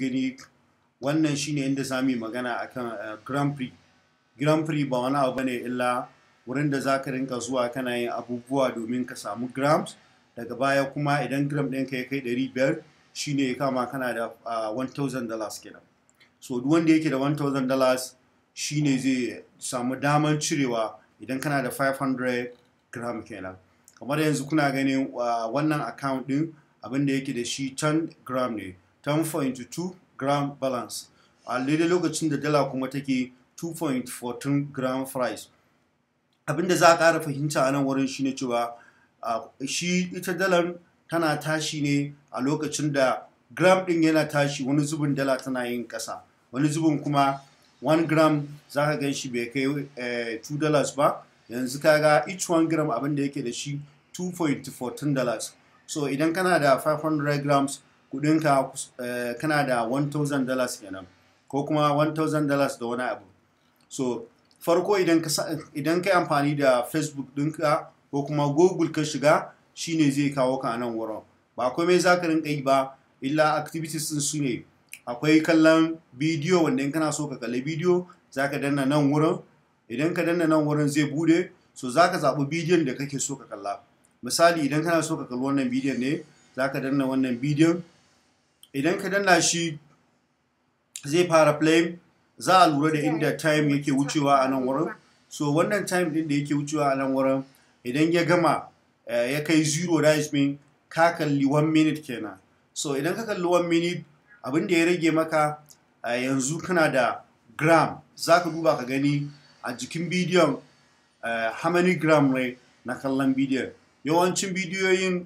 gani wannan shine inda sami magana akan eh, grand prix grand prix ba wani abu ne illa wurin da za ka rinka zuwa kana yin abubuwa domin ka samu grams daga baya kuma idan gram ɗin ka ya kai 500 shine ya kama kana da 1000 ah, dollars kenan so duk wanda yake da 1000 dollars shine zai samu damar cirewa idan kana da 500 gram kenan kamar yanzu kuna ganin ah, wannan account din abin da yake da shi 10 gram ne 10.2 gram balance a daidai lokacin da dala kuma take 2.14 gram price abinda za a ƙara fahimta a nan wurin shi ne cewa shi ita dalar tana tashi ne a lokacin da gram din yana tashi wani zubin dala tana yin kasa. wani zubin kuma 1 gram za ka gan shi bai kai 2 eh, dollars ba yanzu ka ga each 1 gram abinda yake da shi 2.14 dollars so idan kana da 500 grams kudinka eh, kana da 1000 dollars kenan ko kuma 1000 dollars da wani abu so farko idan ka yi amfani da facebook dinka ko kuma google ka shiga shi ne zai kawo ka nan wurin ba komai za ka rinka yi ba illa activities din su ne akwai kallon bidiyo wanda in kana so ka kalli bidiyo za ka danna nan wurin idan ka danna nan wurin zai bude so za ka zaɓi bidiyon da kake so ka kalla misali idan kana so ka kalli wannan bidiyon ne za ka danna wannan bidiyon idan ka danna shi zai fara playing za a lura da inda time yake wucewa a nan wurin so wannan time din da yake wucewa a nan wurin idan ya gama eh, ya kai zero da mean ka kalli one minute kenan so idan ka kalli one minute abin da ya rage maka yanzu kana da gram za ka duba ka gani a jikin bidiyon eh, how many gram ne na kallon bidiyon yawancin bidiyoyin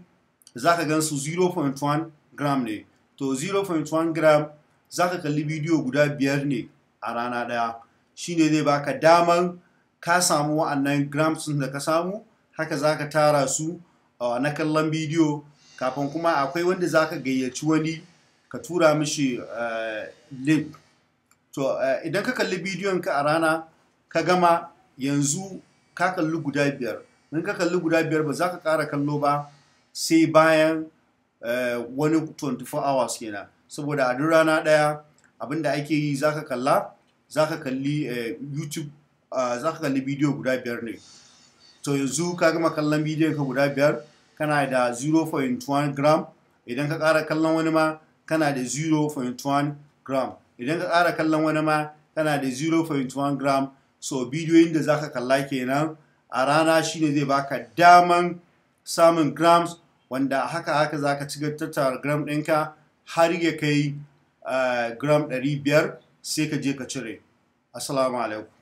za ka gan su 0.1 gram ne to 0.1 gram za ka kalli bidiyo guda biyar ne a rana ɗaya shine zai baka daman ka samu wa'annan grams da ka samu haka za ka tara su na kallon bidiyo kafin kuma akwai wanda za ka gayyaci wani ka tura mishi link to idan ka kalli bidiyon ka a rana ka gama yanzu ka kalli guda biyar in ka kalli guda biyar ba za ka kara kallo ba sai bayan Eh, wani 24 hours kenan saboda a duk rana ɗaya abinda ake yi zaka kalla zaka kalli eh, youtube zaka kalli bidiyo guda biyar ne to yanzu ka gama kallon bidiyon ka guda biyar kana da 0.1 gram idan ka ƙara kallon wani ma kana da 0.1 gram idan ka kara kallon wani ma kana da 0.1 gram so bidiyoyin da zaka kalla kenan a rana shine zai baka daman samun grams wanda haka haka za ka ci tattara gram ɗinka har ya kai eh, gram 500 sai ka je ka cire assalamu alaikum